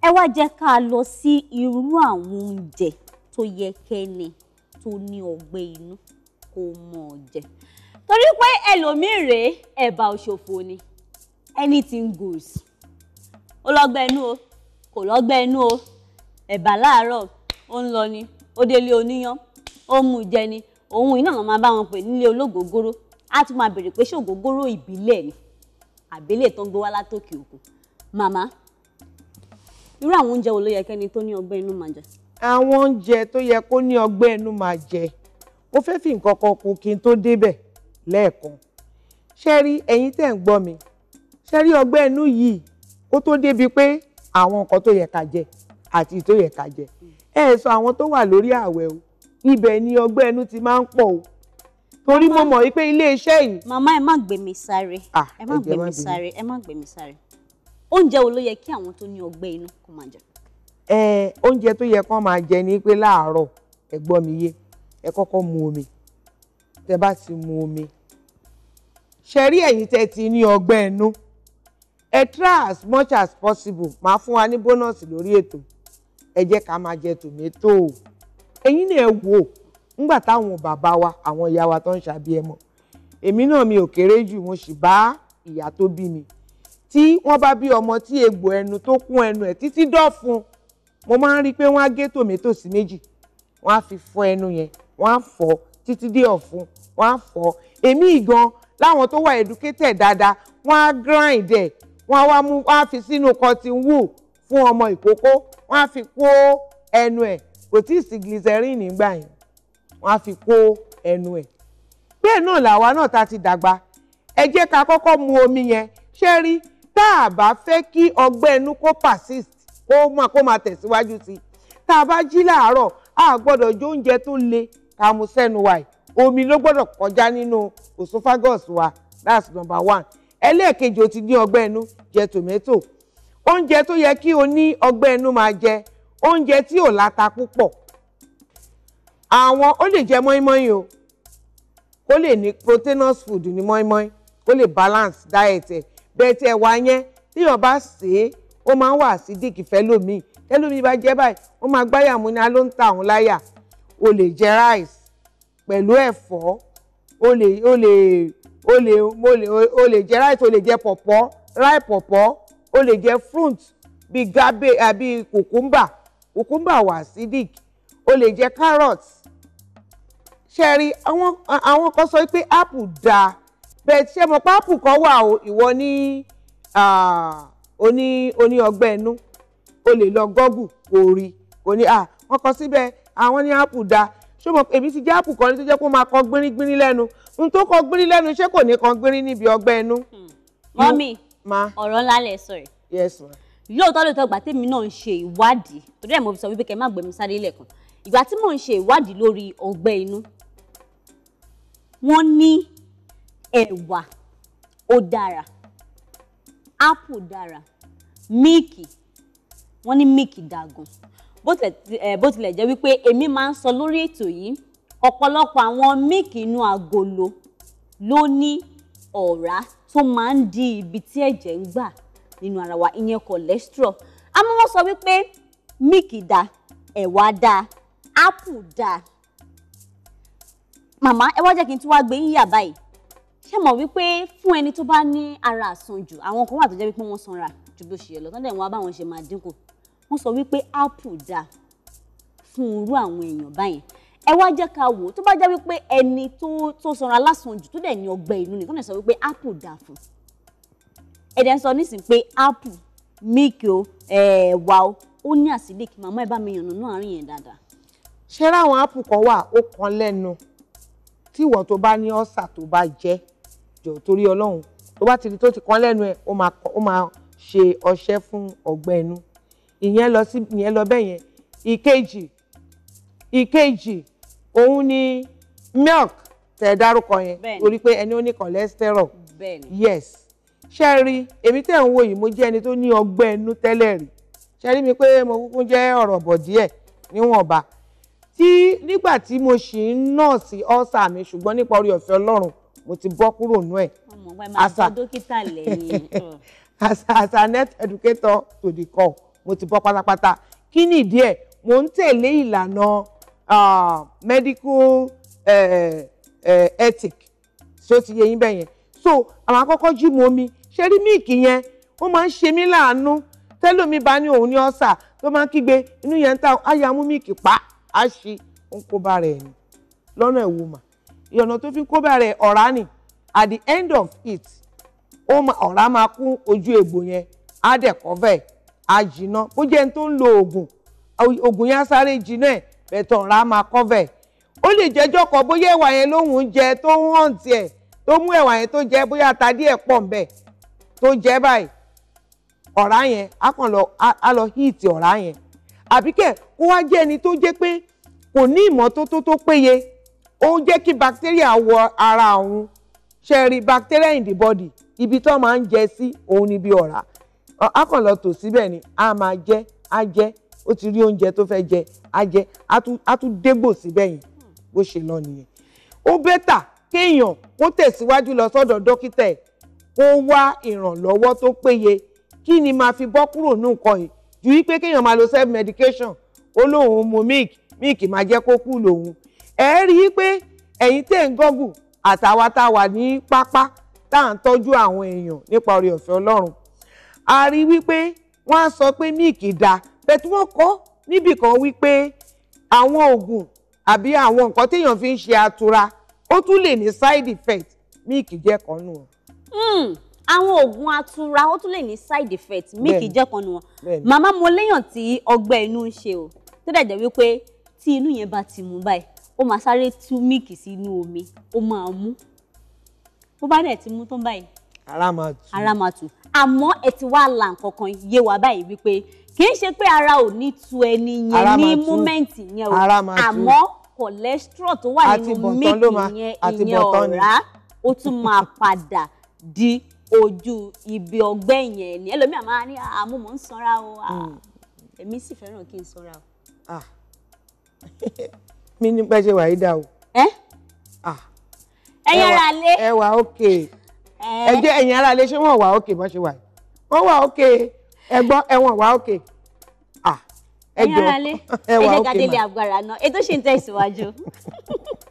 ẹ wá jẹ́ ká lọ sí irú àwọn oúnjẹ tó yẹ kẹ́ni tó ní ọgbẹ́ inú kó mọ̀ jẹ torí pé ẹlòmíì rèé ẹ̀bà òṣòfò ni anything goes ó lọ́gbẹ́ inú o kò lọ́gbẹ́ inú o ẹ̀bà láàárọ̀ ó ń lọ ni ó délé oníyán ó mú jẹ ni òun iná máa bá wọn pè nílé olóògógóró á tún máa bèrè pé ṣé ògógóró ìbílẹ̀ ni àbílẹ̀ tó ń gbé wá látòkè òkun màmá irú àwọn oúnjẹ wo ló yẹ kẹ́ni tó ní ọgbẹ́ inú máa jẹ. àwọn oúnjẹ tó yẹ kó ní ọgbẹ́ inú máa jẹ mo fẹ́ fi nǹkan kan kún kí n tó débẹ̀ lẹ́ẹ̀kan ṣe rí ẹ̀yin tẹ̀ ń gbọ́ mi ṣe rí ọgbẹ́ inú yìí kó tó débi pé àwọn nǹkan tó yẹ ká jẹ àti tó yẹ ká jẹ ẹ sọ àwọn tó wà lórí ààwẹ̀ o ibẹ̀ ni ọgbẹ́ inú ti máa ń pọ̀ o torí mo mọ̀ wípé ilé iṣẹ́ yìí. màmá ẹ má gbé mi sáré ẹ má gbé mi sáré ẹ má gbé mi sáré oúnjẹ wo ló yẹ kí àwọn tó ní ọgbẹ́ inú kó máa jẹ. ẹ oúnjẹ tó yẹ kán máa jẹ ni pé láàárọ̀ ẹ mi yé ẹ kọ́kọ́ mu omi tẹ bá ti mu omi ṣe rí ẹ̀yin tẹ ti ní ọgbẹ́ inú ẹ try as much as possible máa fún wa ní bónọ́ọ̀sì lórí ètò ẹ jẹ́ ká máa jẹ tòmẹ́tò ẹ̀yin náà wò nígbà táwọn bàbá wa àwọn ìyá wa tó ń ṣàbí ẹmọ èmi náà mi ò kéré jù mo sì bá ìyá tó bí mi tí wọ́n bá bí ọmọ tí egbò ẹnu tó kún ẹnu ẹ̀ títí dọ̀fun mo máa ń rí i pé wọ́n á gé tòmẹ́tò sí méjì wọ́n á fi fọ ẹnu yẹn wọ́n á fọ títí dé ọ̀fun wọ́n á fọ èmi gan láwọn tó wà educated dáadáa wọ́n á grind ẹ̀ wọ́n á wá mú wọ́n á fi sínú cotton wool fún ọmọ ìkókó wọ́n á fi kó ẹnu ẹ̀ kò tí ì sí glycerin nígbà yẹn wọ́n á fi kó ẹnu ẹ̀ bẹ́ẹ̀ náà làwa náà ta ti dàgbà ẹ jẹ́ ká kọ́kọ́ mu omi yẹn ṣé rí tá a bá fẹ́ kí ọgbẹ́ inú kó persist kó máa kó máa tẹ̀síwájú sí i tá a bá jí láàárọ̀ a gbọ́dọ̀ jó oúnjẹ tó le ká mu sẹ́nu wa omi ló gbọ́dọ̀ kọjá nínú esophagus wa that's number one ẹlẹ́ẹ̀kejì o ti ní ọgbẹ́ inú jẹ tòmẹ́tò oúnjẹ tó yẹ kí o ní ọgbẹ́ inú máa jẹ oúnjẹ tí ò láta púpọ̀ àwọn ó lè jẹ mọ́ínmọ́ín o kó lè ní proteinous food ní mọ́ínmọ́ín kó lè balance diet ẹ̀ bẹ́ẹ̀tì ẹ̀wà yẹn tíyàn bá sè é ó máa ń wà àsídìkì fẹ́lòmíì tẹ́lòmíì bá jẹ́ báyìí ó máa gbáyà mú ni ló ń ta òun láyà o lè jẹ rice pẹ̀lú ẹ̀fọ́ o lè o lè o lè o lè o lè jẹ rice o lè jẹ pọ̀pọ́ ráì pọ̀pọ́ o lè jẹ fruit bíi gabe àbí kùkúmbà kùkúmbà wà acidic o lè jẹ carrot ṣẹ́ẹ̀rí àwọn àwọn kan sọ pé apple dáa bẹ́ẹ̀ ṣé mo pápù kan wà o ìwọ ní oní oní ọgbẹ́ inú o lè lọ gọ́gù kò rí kò ní wọ́n kọ síbẹ̀ àwọn ní áàpù da ṣé mo èmi ti jẹ́ áàpù kan ní tó jẹ́ kó máa kọ gbínrín gbínrín lẹ́nu n tó kọ gbínrín lẹ́nu ṣé kò ní kan gbínrín níbi ọgbẹ́ inú. Hmm. mọ́mì ọ̀rọ̀ ńlá lẹ̀ sọ̀rọ̀. yes ma. lóòótọ́ lóòótọ́ ìgbà tèmi náà ń ṣe ìwádìí torí ẹ̀ mo fi sọ wípé kẹ́ ẹ má gbẹ̀mí sáré lẹ́ẹ̀kan ìgbà tí mò ń ṣe ìwádìí lórí ọgbẹ́ inú wọ́n ní ẹ̀wà ó dára ápù dára míìkì wọ́n ní míìkì dàgùn eh, bó tilẹ̀ jẹ́ wípé èmi máa ń sọ lórí ètò yìí ọ̀pọ̀lọpọ̀ àwọn míìkì inú agolo ló ní ọ̀rá tó máa ń di ibi tí ẹ̀jẹ̀ ń gbà nínú ara wa ìyẹn cholesterol àmọ́ wọ́n sọ wípé míìkì da ẹ̀wà da ápù da. màmá ẹ wá jẹ́ kí n tún wá gbé yín yà báyìí ṣé mọ̀ wípé fún ẹni tó bá ní ara àsanjù àwọn kan wà tó jẹ́ wípé wọ́n sanra ju bó ṣe yẹ lọ tán dẹ̀ wọ́n á báwọn ṣe máa dínkù wọ́n sọ wípé apple dáa fún irú àwọn èèyàn báyẹn ẹ wá jẹ́ ká wò ó tó bá jẹ́ wípé ẹni tó tó sanra lásanjù tó dẹ̀ ní ọgbẹ́ inú nìkan lè sọ wípé apple dáa fún ẹ̀dẹ̀ ń sọ nísìnyí pé apple milk o ẹ̀wà o ó ní àsìdíkì màmá ẹ bá mi yànnà náà àárín yẹn dáadáa. ṣé ráwọn apple kan wà ó kan lẹ́nu tí ìwọ̀n tó bá ní ọ̀sà tó bá jẹ́ jọ torí ọlọ́run tó bá ti di tó ti kán lẹ́nu ẹ̀ ó máa ṣe ọṣẹ fún ọgbẹ́ inú ìyẹn lọ sí ìyẹn lọ bẹ́ẹ̀ yẹn ìkejì ìkejì òun ni milk tẹ̀ dárúkọ yẹn torí pé ẹni ó ní cholesterol yes ṣe rí èmi tẹ̀ ń wo yìí mo jẹ́ ẹni tó ní ọgbẹ́ inú tẹ́lẹ̀ rí ṣe rí mi pé mo kúkú jẹ́ ọ̀rọ̀ bọ̀ díẹ̀ níwọ̀nba tí nígbà tí mo ṣì ń nọ́ọ̀sì ọ́sà mi ṣùgbọ́n nípa orí ọ̀fẹ́ ọlọ́run mo ti bọ́ kúrò nú ẹ̀. àṣà àṣà àṣà net educator to the call mo ti bọ́ pátápátá kí ni ìdí ẹ̀ mo ń tẹ̀lé ìlànà medical uh, uh, ethic ṣé ó ti yẹ yín bẹ́ẹ̀ yẹn so àwọn akọ́kọ́ jí mu omi ṣe rí míìkì yẹn ó máa ń ṣe mí láàánú tẹ́lómi bá ní òun ní ọ̀sà tó máa ń kígbe inú yẹn ń ta ayé amú míìkì pa á ṣe ń kó bá rẹ̀ ni lọ́nà ìwúmà ìyọ̀nà tó fi kó ọ̀rá nì at the end of it ọ̀rá máa kún ojú egbò yẹn á dẹ̀ kọ́fẹ̀ á jiná bó jẹ́ ní tó ń lo oògùn oògùn yẹn á sáré jiná ẹ̀ bẹ̀tọ̀ ọ̀rá máa kọ́fẹ̀ ó lè jẹ́jọ́ kan bóyá ẹ̀wà yẹn lóhùn ń jẹ tó ń hàn tiẹ̀ tó mú ẹ̀wà yẹn tó jẹ bóyá ata díẹ̀ pọ̀ ń bẹ̀ tó jẹ báyìí ọ̀rá yẹn á kàn lọ á lọ híìtì ọ̀rá yẹn àbíkẹ́ kó wá jẹ́ ẹni tó jẹ́ pé kò ní ìmọ́tótó tó péye ó ń jẹ́ kí bacteria wọ ara òun ṣe rí bacteria in the body ibi tó máa ń jẹ sí òun ni bí ọ̀rá akànlọ tò síbẹ̀ ni a máa jẹ á jẹ ó ti rí oúnjẹ tó fẹ́ jẹ á jẹ á tún dégbò síbẹ̀ yìí bó ṣe lọ nìyẹn ó bẹ́tà kéèyàn kó tẹ̀síwájú lọ sọ́dọ̀ dókítà ẹ̀ kó wá ìrànlọ́wọ́ tó péye kí ni máa fi bọ́ kúrò ní nǹkan yìí ju wípé kéèyàn máa lo self medication ó lóun mu milk milk máa jẹ́ kó kú lòun ẹ rí i pé ẹ̀yin tẹ̀ ń gọ́gùn àtàwa tá a wà ní pápá tá à ń tọ́jú àwọn èèyàn nípa oore ọ̀fẹ́ ọlọ́run a rí wípé wọ́n á sọ pé míìkì dáa bẹ́ẹ̀ tí wọ́n kọ́ níbì kan wípé àwọn oògùn àbí àwọn nǹkan téèyàn fi ń ṣe atura ó tún lè ní side effect míìkì jẹ́ kan nù wọn. Hmm, àwọn oògùn atura ó tún lè ní side effect míìkì jẹ́ kan nù wọn màmá mo léèyàn tí ọgbẹ́ inú ń ṣe o tó dẹ̀ jẹ́ wípé tí inú yẹn bá ti mú báyìí O máa sáré tú míìkì sínú omi ó máa mú bó bá dẹ̀ ti mú tán báyìí. ara máa tù ara máa tù àmọ́ ẹ ti wá la nǹkan kan yé wa báyìí wípé kì í ṣe pé ara ò ní tu ẹni yẹn ní múmẹ́ǹtì yẹn o àmọ́ cholesterol tó wà nínú míìkì yẹn ìyẹn ọ̀rá ó tún máa padà di ojú ibi ọgbẹ́ yẹn ni ẹlòmíà máa ní ah, àmú mò ń sanra o ah, hmm. èmi sì fẹ́ràn kí n sanra o. Ah. mi ní bẹ́ẹ̀ ṣe wà yí dá o. ẹ ẹ̀yin ara lé. ẹ wà ókè ẹ jẹ́ ẹ̀yin ara lé ṣé wọ́n wà ókè bó ṣe wà yìí wọ́n wà ókè ẹ gbọ́ ẹ̀wọ̀n wà ókè ẹ̀yin ara lé ẹ jẹ́ ká délé agbára náà ètò ṣì ń tẹ̀síwájú.